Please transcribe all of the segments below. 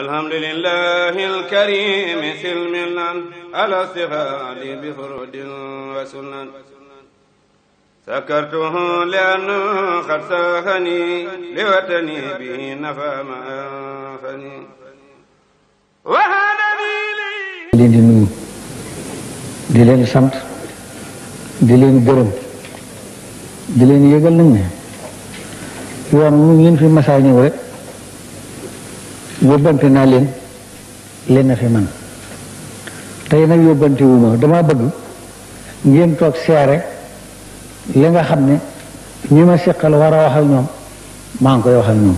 alhamdulillahi alkarimi silmilan alastihaali bi furudin wa sunan sakartuhu liannahu qad saxani li watani bihi nafa ma anfani leen di nuyu di leen sant di leen gërëm di leen yëgal nañ ne yoon mu ngeen fi masaa ñëw rek yóbbante naa leen leen a fi man tey nag yóbbante wu ma dama bëgg ngeen toog seere li nga xam ne ñu ma seqal war a wax ñoom maa ngi koy wax ak ñoom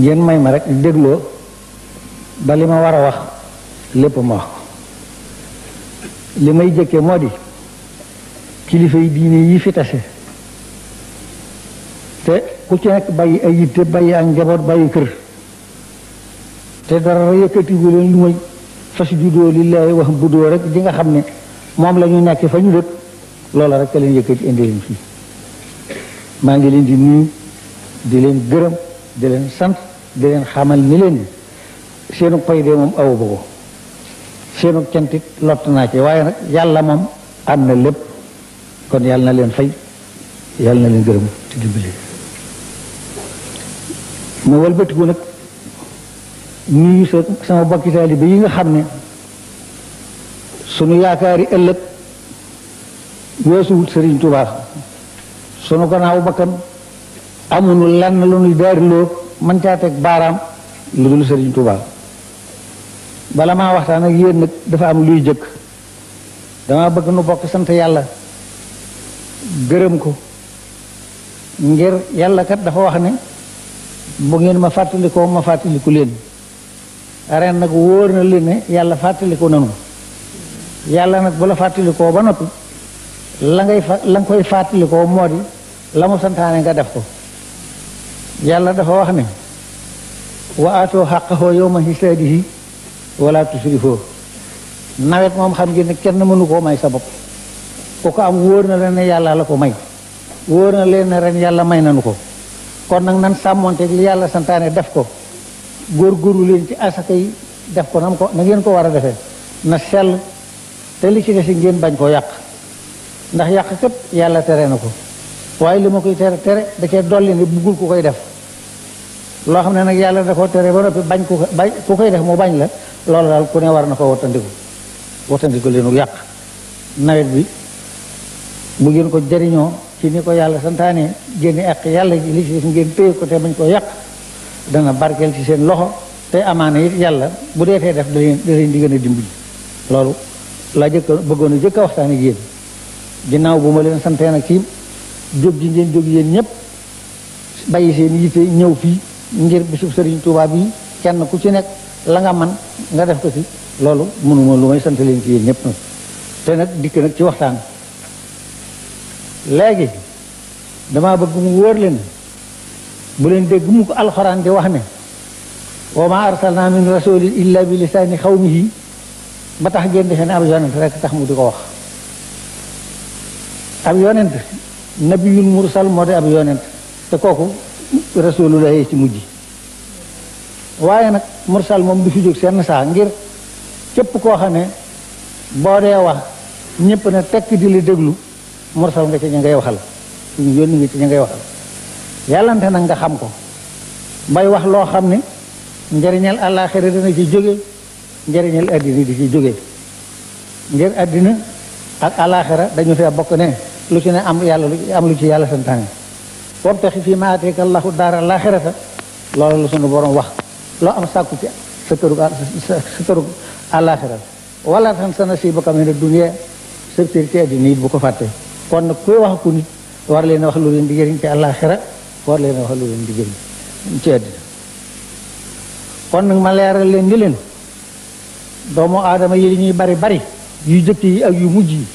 ngeen may ma rek dégloo ba li ma war a wax lépp ma wax li may jëkke moo di kilifa yi diine yi fi tase te ku ci nekk bàyyi ay yitte bàyyi ak njaboot bàyyi kër te dara yëkkatigu leen lu may fas juddoo lillahi wax buddoo rek di nga xam ne moom la ñu nekk fa ñu dëkk loola rek leen yëkkati indi leen fii maa ngi leen di nuyu di leen gërëm di leen sant di leen xamal ni leen bi seenu pay de moom awu ko seenu cantit lott naa waaye nag yàlla moom am na lépp kon yàlla na leen fay yàlla na leen gërëm ma walbatiku nag nuyu sa sama bokki ba yi nga xam ne sunu yaakaari ëllëg weesuwut Sëriñ Tuubaa sunu gannaaw bakkan amuñu lan lu nuy daariloo mën caa teg baaraam lu dul Sëriñ Tuubaa bala maa waxtaan ak yéen nag dafa am luy jëkk dama bëgg nu bokk sant yàlla gërëm ko ngir yàlla kat dafa wax ne bu ngeen ma fàttalikoo ma fàttaliku leen ren nag wóor na leen ne yàlla fàttaliku nanu yàlla nag bu la fàttalikoo ba noppi la ngay fa la nga koy fàttalikoo moo di la mu santaane nga def ko yàlla dafa wax ne wa aatoo xaqahoo yow ma hisaadihi wala tusrifoo nawet moom xam ngeen ne kenn mënu koo may sa bopp ku ko am wóor na leen ne yàlla la ko may wóor na leen ne ren yàlla may nanu ko kon nag nan sàmmonteeg li yàlla santaane def ko góor góorgóorlu leen ci asaka yi def ko nam ko na ngeen koo war a defee na sell te li ci desi ngeen bañ koo yàq ndax yàq képp yàlla tere na ko waaye li ma koy tere tere da cee dolli ne buggul ku koy def loo xam ne nag yàlla da koo tere ba noppi bañ ku bañ ku koy def mu bañ la loolu daal ku ne war na ko wattandiku wattandiku leenu yàq nawet bi mu ngeen ko jariñoo ci ni ko yàlla santaane génne ak yàlla ji li ci ngeen téye ko te bañ koo yàq dana barkeel ci seen loxo te amaana it yàlla bu deetee def da leen di gën a dimbali loolu laa jëkk bëggoon a jëkk waxtaan ak génn ginnaaw bu ma leen santee nag ci jóg ji ngeen jóg yéen ñëpp bàyyi seen yitte ñëw fii ngir bisub sëriñ tubaab bi kenn ku ci nekk la nga man nga def ko ci loolu mënuma lu may sant leen ci yéen ñëpp nag te nag dikk nag ci waxtaan léegi damaa bëgg mu wóor leen bu leen dégg mu ko alxuraan di wax ne wa ma arsalna min rasulin illa bi lisaani xawmihi ba tax ngeen di ne ab yonent rek tax mu di ko wax ab yonent nabiyul mursal moo di ab te kooku rasulullahi ci mujj waaye nag mursal moom du fi jóg seen saa ngir képp koo xam ne boo dee wax ñëpp ne tekk di li déglu mursal nga ci ñu ngay waxal ñu yónni ci ñu ngay waxal yàllante nag nga xam ko mbay wax loo xam ne njëriñal àllaaxira dina ci jóge njëriñal àddina di ci jóge ngir àddina ak àllaaxira dañu fee bokk ne lu ci ne am yàlla lu am lu ci yàlla santaane wabtaxi fii maa aataaka allahu daara àllaaxirata loolu la suñu borom wax loo am sàkku ci sa kërug sa kërug àllaaxira wala tan sa nasiibaka mina dunya sa cër ci àddina it bu ko fàttee kon nag kuy wax ku nit war leen wax lu leen di jëriñ ci àllaaxira war leen a wax lu leen di jëriñ nag ma leeral leen ni leen doomu aadama yi li bari bari yu jëkk yi ak yu mujj yi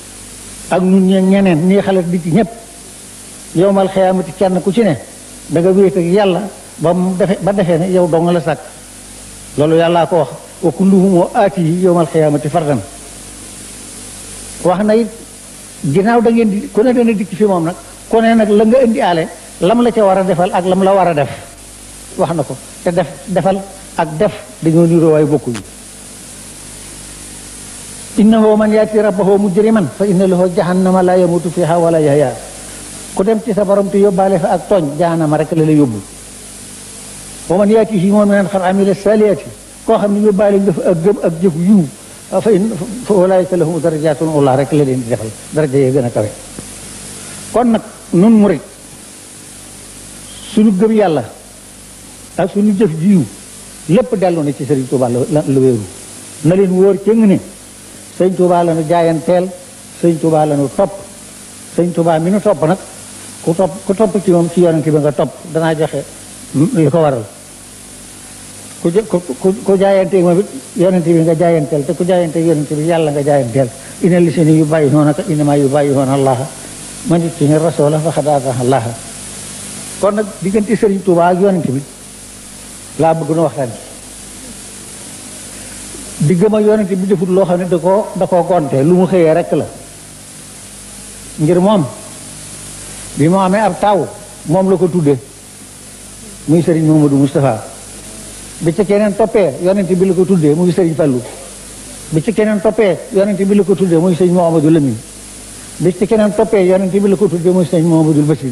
ak ñun ñeen ñeneen ñii bi ci ñëpp yowmal kenn ku ci ne da nga yàlla ba ne yow dong la sàkk loolu yàllaa ko wax wa kulluhum aati yi yowmal xiyaamati fardan wax na it ginnaaw da ngeen di ku ne dana dikk fi moom nag ku ne nag la nga indi aale lam la ca war a defal ak lam la war a def wax na ko te def defal ak def dañoo niroo waaye bokkuñu innahu man yaati rabbahu mujriman fa inna lahu jahannama la yamutu fiha wala yahya ku dem ci sa borom te yóbbaale fa ak tooñ jahannama rek la la yóbbu wa man yaati fi mu'minan qad amila salihati koo xam ne yóbbaale nga fa ak gëm ak jëf yiw fa in fa ulaayika lahum darajaatun ulaa rek la leen di defal daraja yi gën a kawe kon nag nun murit suñu gëm yàlla ak suñu jëf jiw lépp dellu na ci Sëriñ Tuubaa la wéeru na leen wóor cëng ne Sëriñ Tuubaa la nu jaayanteel Sëriñ Tuubaa la nu topp Sëriñ Tuubaa mi nu topp nag ku topp ku ci moom ci yonent bi nga topp danaa joxe li ko waral ku ku ku jaayanteeg moom it yonente bi nga jaayanteel te ku jaayanteeg yonente bi yàlla nga jaayanteel ina yu bàyyi noona ka inama yu bàyyi noona laa ma it ci ni rasoola fa xadaataha allaha kon nag diggante sëriñ Tuuba ak yonente bi laa bëgg nu waxtaan ci digga ma yonente bi defut loo xam ne da koo da koo gonte lu mu xëyee rek la ngir moom bi mu amee ab taw moom la ko tudde muy sëriñ Mamadou Moustapha bi ca keneen toppee yonent bi la ko tuddee muy sëriñ Fallou bi ci keneen toppee yonent bi la ko tuddee muy sëñ Mouhamadou Lamine bi ci keneen toppee yonent bi la ko tuddee muy sëñ Mouhamadou Bachir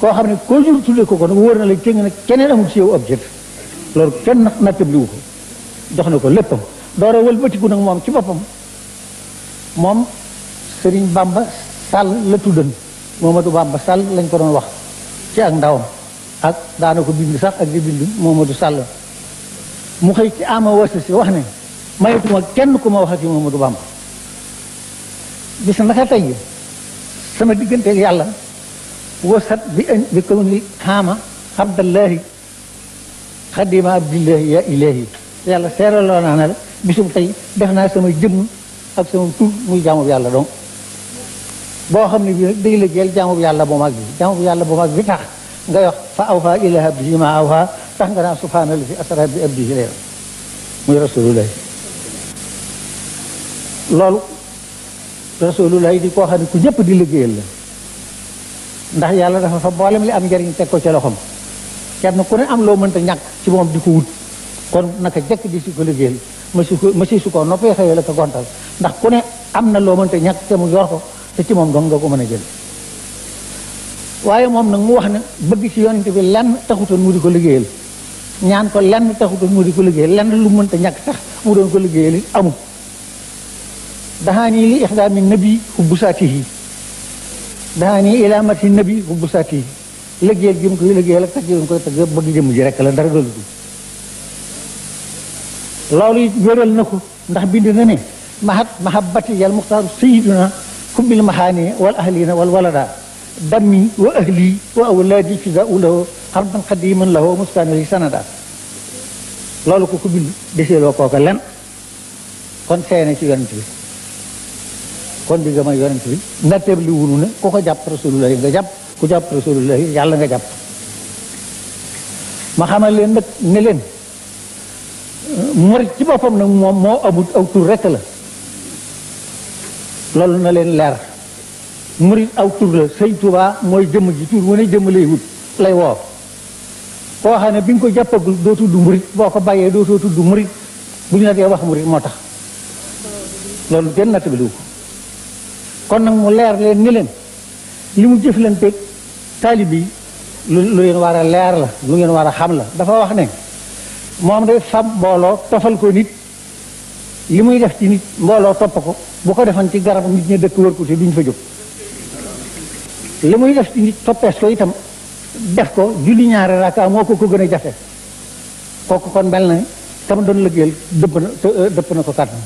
koo xam ne koo jur tuddee ko kon wóor na la cëng ne keneen amul ci yow ab jët loolu kenn nattabli ko jox na ko léppam doora wëlbatiku nag moom ci boppam moom sëriñ Bamba Sall la tuddan Mouhamadou Bamba Sall lañ ko doon wax ci ak ndawam ak daana ko bind sax ak di bind Mouhamadou Sall mu xëy ci ama wasi si wax ne maytuma kenn ku ma wax ak Mamadou ma bis naka tey sama digganteeg yàlla wasat bi bi kaw ni xaama abdallahi xadima abdillahi ya ilahi yàlla seeraloo naa ne la bisub tey def naa sama jëmm ak sama tur muy jaamub yàlla donc boo xam ne bii nag day la jël jaamub yàlla bu mag bi jaamub yàlla mag bi tax nga wax fa aw faa ilaha abdihi ma aw faa sax nga naan subhaana la fi asra di koo xam ñëpp di liggéeyal la yàlla dafa fa mboolem li am njariñ teg ko ca loxoom kenn ku ne am loo mënta ñàkk ci moom di ko wut jëkk di si ko ma si ma si su ko noppee la ko gontal ku ne am na loo ñàkk te ci moom dong nga ko mën a jël waaye moom nag mu wax ne bëgg ci yonent bi lenn taxutoon mu di ko liggéeyal ñaan ko lenn taxutoon mu di ko liggéey lenn lu mënta ñàkk sax mu doon ko liggéey li amul daxaa nii li ixdaami nabi xubbu saatihi daxaa nii ilaamati nabi xubbu saatihi liggéeyal gi mu koy liggéeyal ak tagg gi mu koy tagg bëgg jëmm ji rek la dara galudu loolu it wéral na ko ndax bind na ne mahat mahabbati yal muxtaaru sayiduna kubbil maxaani wal ahlina wal walada dammi wa ahli wa awlaadi fizaau lahu xarban xadiman lahu mustaaniri sanada loolu ko ku bind deseeloo kooka len kon seene ci yonent bi kon di gëm a yonent bi natteeb li wunu ne ku ko jàpp rasulullahi nga jàpp ku jàpp rasulullahi yàlla nga jàpp ma xamal leen nag ne leen murit ci boppam nag moom moo amut aw tur rekk la loolu na leen leer murit aw tur la sëñ Tuubaa mooy jëmm ji tur wane jëmm lay wut lay woo koo xam ne bi nga ko jàppagul doo tudd murit boo ko bàyyee doo soo tudd murit bu ñu la dee wax murit moo tax loolu kenn nattabiliwu ko nag mu leer leen ni leen mu jëflanteeg taalib yi lu lu leen leer la lu ngeen war a xam la dafa wax ne moom day fam mbooloo tofal ko nit li muy def ci nit mbooloo topp ko bu ko defan ci garab nit ñi dëkk wër ko te ñu fa jóg li muy def ci toppees ko itam def ko julli ñaari raaka moo ko ko gën a jafe kooku kon mel na tam doon liggéeyal dëpp na euh, dëpp na ko kàttan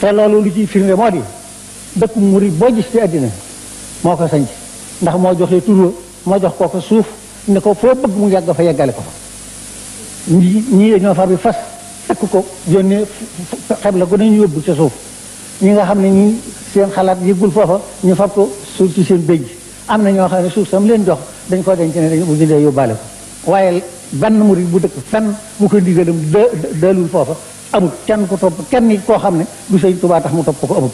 te loolu lu ciy firnde moo di dëkk murid boo gis ci àddina moo ko sanc ndax moo joxee turo moo jox kooku suuf ne ko foo bëgg mu yàgg fa yeggale ko fa ñi ñii dañoo far bi fas takk ko yónnee xeb la ko nañu yóbbu ca suuf ñi nga xam ne ñi seen xalaat yëggul foofa ñu fab ko suuf ci seen bëj am na ñoo xam ne suuf sam leen jox dañ ko denc ne dañ bu jëndee yóbbaale ko waaye benn murid bu dëkk fenn bu ko ndigalam dëlul foofa amul kenn ku topp kenn nit koo xam ne du sëñ Tuubaa tax mu topp ko amul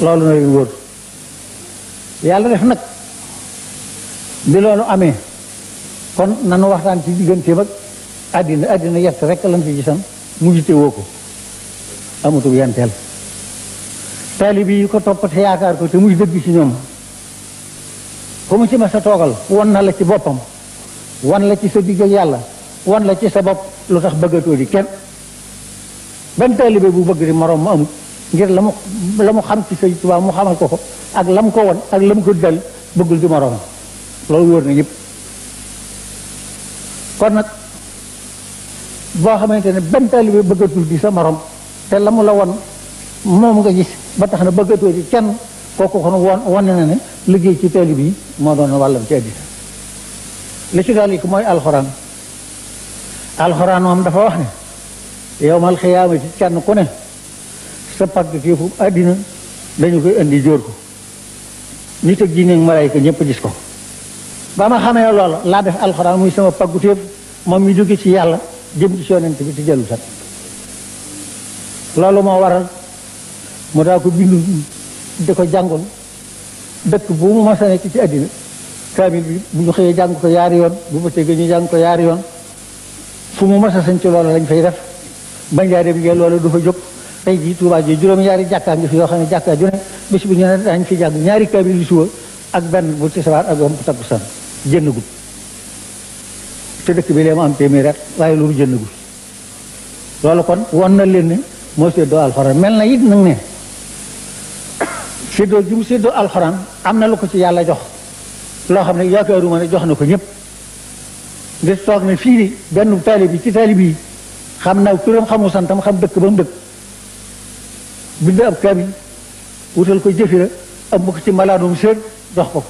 loolu na leen wóor nag bi loolu amee kon nanu waxtaan ci digganteem ak àddina àddina yett rek lan fi gisan mujjite woo ko amatul yenteel taalibe yi ko topp te yaakaar ko te muy dëgg ci ñoom fu mu ci ma sa toogal won na la ci boppam wan la ci sa digg yàlla wan la ci sa bopp lu tax bëggatoo di kenn benn taalibe bu bëgg di moroom mu amul ngir la mu xam ci Sëñ Tuubaa mu xamal ko ko ak la mu ko won ak la mu ko dal bëggul di moroom loolu wóor na ñëpp kon nag boo xamante ne benn taalibe bëggatul di sa moroom te la mu la won moom nga gis ba tax na bëggatoo ci kenn kooku kon won wane na ne liggéey ci taali bi moo doon wàllam ci àddina li ci daal mooy alxuraan alxuraan dafa wax ne yowmal xiyaama ci kenn ku ne sa pàgg tiifu àddina dañu koy indi jóor ko nit ak jinne ak malayka ñëpp gis ko ba ma xamee loolu laa def alxuraan muy sama pàggu téef moom mi jóge ci yàlla jëm ci yonent bi ci jëlu sat loolu moo waral mu daa ko bindu di ko jàngoon dëkk bu mu mas a ci àddina kaamil bi bu ñu xëyee jàng ko yaari yoon bu bëccëg ñu jàng ko yaari yoon fu mu mas a sañ ci loola lañ fay def ba njaareem ngeen loola du fa jóg tey jii Tuubaa ji juróom-ñaari jàkkaa ngi fi yoo xam ne jàkkaa ju ne bés bu ñu ne daañ fi jàng ñaari kaamil yu suba ak benn bu tisbaar ak bu takkusaan jënd gud te dëkk bi lee mu am téeméer rek waaye loolu jënd gud loolu kon won na leen ne moo seddoo mel na it nag séddoo gi mu séddoo alxuraan am na lu ko ci yàlla jox loo xam ne yaakaaruma ne jox na ko ñëpp nga toog ne fii ni benn taalib bi ci taalib yi xam na turam xamu santam xam dëkk ba mu dëkk bind ab kaamil wutal ko jëfira ëmb ko ci malaanum séer jox ko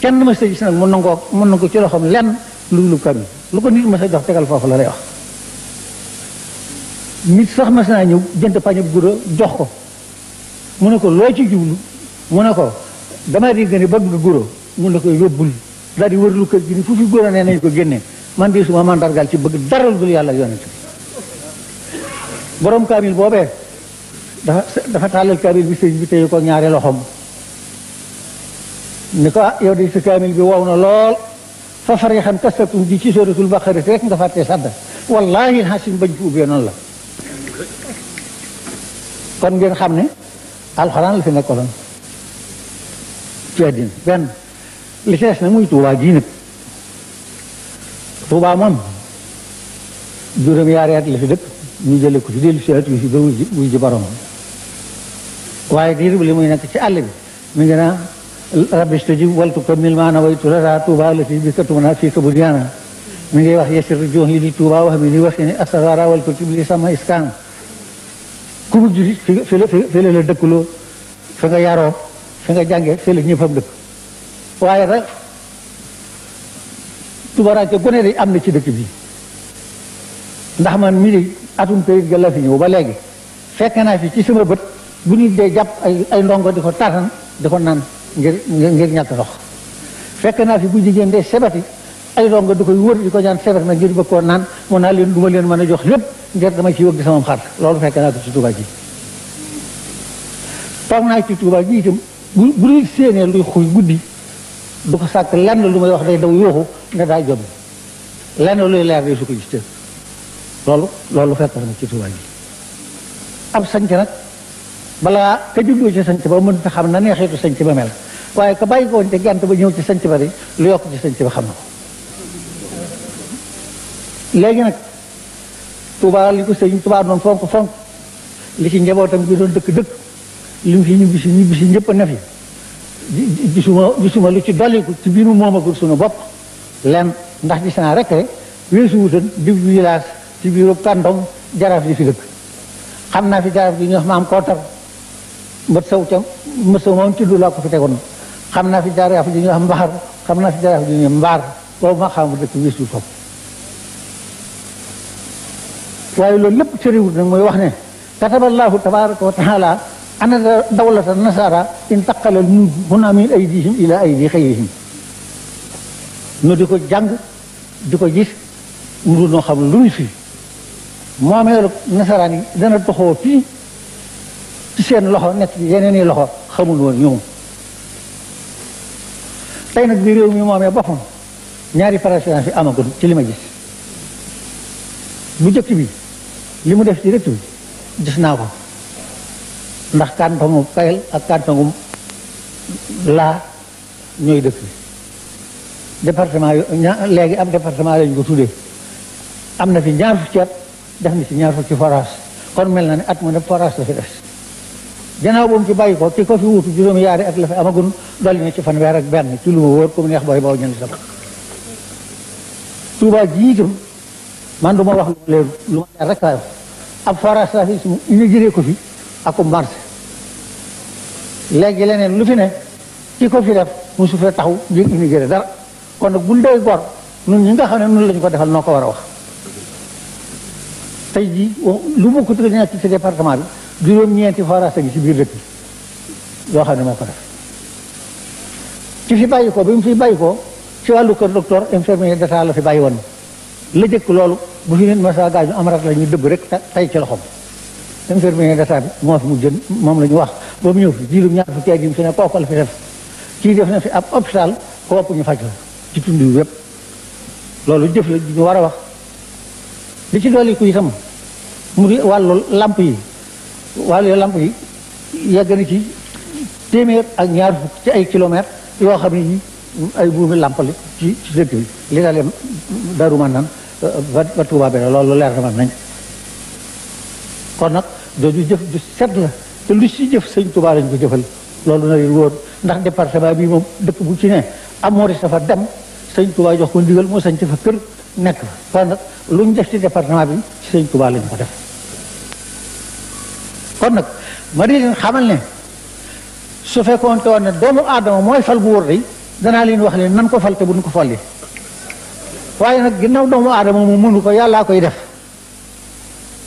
kenn ma sa gis nag mën na ko mën na ko ci loxoom lenn lu lu kaamil lu ko nit ma sa jox tegal foofu la lay wax nit sax mas naa ñëw jënd pañub guro jox ko mu ne ko loo ci jublu mu ne ko damaa dégg ne bëgg nga goro mu ne ko yóbbul daal di wërlu kër gi ni fu fi goro nee nañ ko génne man di suma mandargal ci bëgg dara dul yàlla yonent borom kaamil boobee dafa dafa tàllal kaamil bi sëñ bi téye ko ñaari loxoom ni ko ah yow de si kaamil bi wow na lool fa farixan kastatum ji ci suratul baqara rek nga fàttee sadda wallahi xasin bañ ko ubbee noonu la kon ngeen xam ne alxuraan la fi nekkoloon ci àddina benn li ci na muy tuubaa gii nag tuubaa moom juróom-ñaari at la fi dëkk ñu jële ko fi dellu si at yu fi ba wuy wuy ji boromam waaye diir bi li muy nekk ci àll bi mi ngi naa rabiste ji waltu ko mil maana waytu lata tuuba la fi bi ka tumanaa fii ka bu diyaana mi ngi wax yesir jox yi di tuuba wax mi di wax ni asagara waltu tibli sama iskaan ku dul jullit fi fi la fi la la dëkkuloo fi nga yaroo fi nga jàngee fi la ñëppam dëkk waaye nag tubaraanke gone day am na ci dëkk bi ndax man mi di atum kayit ga la ñëw ba léegi fekk naa fi ci sama bët bu nit dee jàpp ay ay ndongo di ko tartan di ko naan ngir ngir ñàkk ndox fekk naa fi bu jigéen dee sebati ay donga du koy wër di ko ñaan feebar na ngir bëgg koo naan mun naa leen du ma leen mën a jox lépp ngir dama ci wëgg sama xar loolu fekk naa ko ci Tuubaa ji toog naa ci Tuubaa ji itam bu bu dul séenee luy guddi du ko sàkk lenn lu may wax day daw yooxu ne daa jom lenn luy leer day su ko gis loolu loolu fekk na ci Tuubaa ji ab sanc nag balaa ka juddoo ci sanc ba mën ta xam na neexitu sanc ba mel waaye ka bàyyi ko woon ca gent ba ñëw ci sanc ba de lu yokk ci sanc ba xam na léegi nag Touba li ko sëñ Touba doon fonk fonk li ci njabootam gi doon dëkk dëkk li mu fi ñibbi si ñibbi si ñëpp a ne fi gisuma gisuma lu ci dolliku ci biiru moomagul sunu bopp lenn ndax gis naa rek rek weesu wutan di village ci biiru kàndong jaraaf di fi dëkk xam naa fi jaraaf bi ñu wax maam kootar mbët saw ca mbët saw moom tudd laa ko fi tegoon xam naa fi jaraaf bi ñu wax mbaxar xam naa fi jaraaf bi ñu mbaar boobu ma xam dëkk weesu foofu waaye loolu ci cëriwut nag mooy wax ne kataballahu tabaraka wa taala ana dawlata nasara intaqalal huna min aydihim ila aydi xayrihim nu di ko jàng di ko gis mu noo xam lu ñu fi moomeelu nasaraan yi dana toxoo fii ci seen loxo nekk yeneen i loxo xamul woon ñoom tey nag bi réew mi moomee boppam ñaari présidence yi amagul ci li ma gis bu jëkk bi li mu def ci rëccu gis naa ko ndax kàntongu kayal ak kàntongu laa ñooy dëkk département yu léegi am département lañu ko tuddee am na fi ñaar fukki at def na ci ñaar fukki forage kon mel na ni at mu ne forage la fi def gannaaw boobu ci bàyyi ko ki ko fi wuutu juróomi yaari at la fi amagun dolli na ci fanweer ak benn ci lu ma wóor comme neex booy boo ñënd sama Tuubaa ji itam man du ma wax lu leer lu ma leer rek laay wax ab fi ñu jëlee ko fi akum marché léegi leneen lu fi ne ki ko fi def su fee taxaw di immigré dara kon nag buñ dee gor ñun ñi nga xam ne noonu la ko defal noo ko war a wax tey jii lu mu ko nekk ci département bi juróom-ñeenti forage gi si biir dëkk yoo xam ne moo ko def ci fi bàyyi ko bi mu fi bàyyi ko ci wàllu kër docteur infirmier d'état la fi bàyyi woon la jëkk loolu bu fi neen masa gaañu am rak la ñuy dëbb rek tay ci loxom intervenir d'état bi moo fi mu jën moom la ñu wax ba mu ñëw fi jiilum ñaar fukki at yi su ne kooku la fi def kii def na fi ab hôpital kooku ñu faj la ci tund loolu jëf la ñu war a wax li ci dolli ku itam mu di wàllu lamp yi wàllu lamp yi yegg na ci téeméer ak ñaar fukk ci ay kilomètres yoo xam ne ay buumi làmpali ci ci dëkk bi li dalee daru man ba Touba loolu leer na man nañ kon nag jooju jëf ju set la te lu ci jëf sëñ Touba lañ ko jëfal loolu na leen woon ndax département bi moom dëkk bu ci ne sa dafa dem sëñ Touba jox ko ndigal moo sañ fa kër nekk fa kon nag lu ñu bi ci sëñ Touba lañ ko def nag ma di leen xamal ne su fekkoon te woon ne doomu aadama mooy fal bu wóor day danaa leen wax leen nan ko fal te bu ñu ko falee waaye nag ginnaaw doomu aadama mu mënu ko yàllaa koy def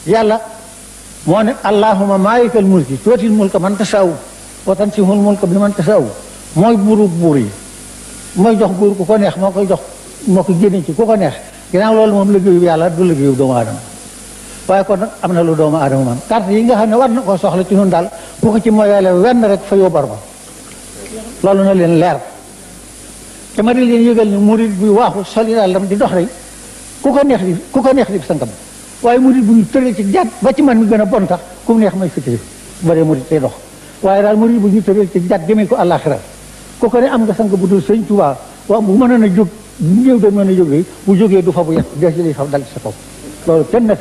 yàlla moo ne allahuma maalikal mulki tuutil mulka man tasaaw wa tansihul mulka bi man aw mooy buuru buur yi mooy jox buur ku ko neex moo koy jox moo ko génne ci ku ko neex ginnaaw loolu moom liggéeyub yàlla du liggéeyub doomu aadama waaye kon am na lu doomu aadama man carte yi nga xam ne war na ko soxla ci ñun daal ku ko ci mooy yàlla wenn rek fa yóbbar ba loolu na leen leer dama di leen yëgal ne murit buy waaxu soli dàllam di dox ku ko neex di ku ko neex di sangam waaye murit bu ñu tëlee ci jat ba ci man mi gën a bon tax ku mu neex may fëttési baree murit te dox waaye daal murit bu ñu tëlee ci jat jëmee ko àllaaxira ku ko ne am nga sang bu dul sëñ Tuubaa waaw bu mënoon a jóg ñëw doon mën a jóg bu jógee du fa bu yet des li fa dal ci sa kaw loolu kenn nekk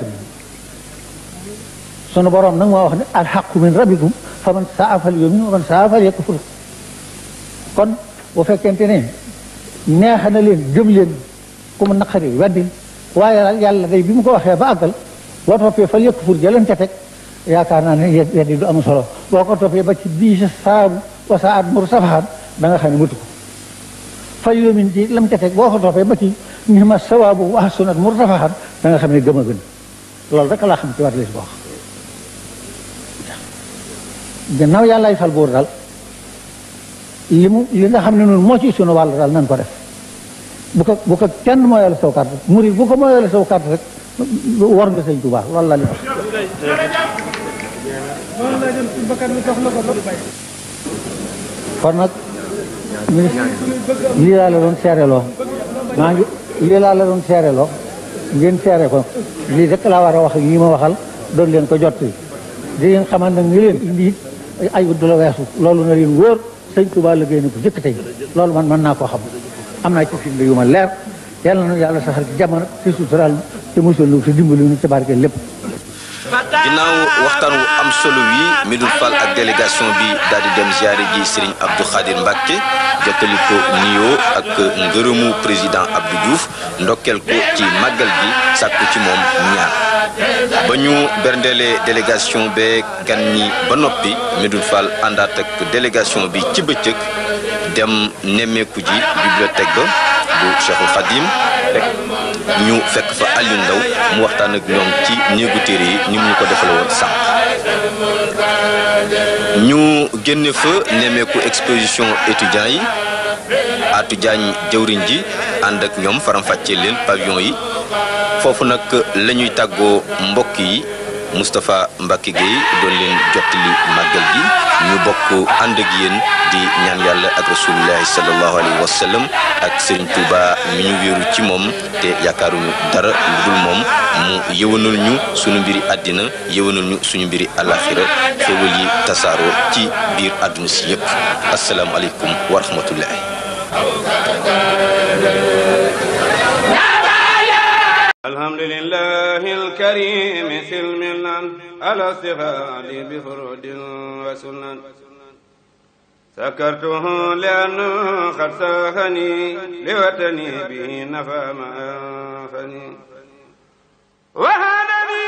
sunu borom nag moo wax ne alxaqu min rabbikum fa sa saa fal yumin wa man saa fal yakfur kon bu fekkente ne neex na leen gëm leen ku mu naqari weddi waaye la day bi mu ko waxee ba àggal boo toppee fal yëkk pour jëleen ca teg yaakaar naa ne weddi du solo boo ko ba ci bii sa saabu wasa at mur safaxan da nga xam ne mutu ko fal yoomin ci lam ca teg boo ko ba ci ni ma sawaabu wax sunat mur safaxan da nga xam ne gëm a gën loolu rek laa xam ci war ko wax gannaaw yàllaay fal buur li mu li nga xam ne noonu moo ci sunu wàll daal nañ ko def bu ko bu ko kenn mooyal saw carte murid bu ko mooyal saw carte rek war nga sëñ Tuubaa loolu la li kon nag lii seereloo maa ngi lii laa seereloo ngeen seere ko lii rek war a wax yi ma waxal doon ko jot yi di leen na leen wóor sëñ Tuubaa liggéey na ko jëkk tey loolu man mën naa koo xam am naa ci firnde yu ma leer yàlla na yàlla saxal ci jamono ci suturaal ci musul nu ci dimbali nu ci barke lépp ginnaaw waxtaan wu am solo wi Medoune fal ak délégation bi daal di dem ziare ji Serigne Abdou Khadir Mbacke jottali ko ak ngërëmu président Abdou Diouf ndokkeel ko ci màggal bi sàkku ci moom ñaar. ba ñu berndelee délégation bee gan ñi ba noppi Medoune fal àndaat ak délégation bi ci bëccëg dem nemmeeku ji bibliothèque ba bu Cheikhul Khadim ñu fekk fa Aliou Ndao mu waxtaan ak ñoom ci néegu téere yi ni mu ñu ko defal woon sànq ñu génne fa nemmeeku exposition étudiants yi Atou Diagne jëwriñ ji ànd ak ñoom faram leen pavillon yi foofu nag lañuy tàggoo mbokk yi Moustapha Mbacke Gueye doon leen jottali màggal gi ñu bokk ànd ak yéen di ñaan yàlla ak rasulillahi sallallahu alayhi wa ak seen Touba mi ñu wéeru ci moom te yaakaaruñu dara lu moom mu yëwanal ñu suñu mbiri àddina yëwanal ñu suñu mbiri alaxira xéwal yi tasaaroo ci biir àdduna si yépp asalaamualeykum wa rahmatullahi على الثغال بفرود وسنن سكرته لأنه قد ساخني لوطني به نفى ما أنفني وهذا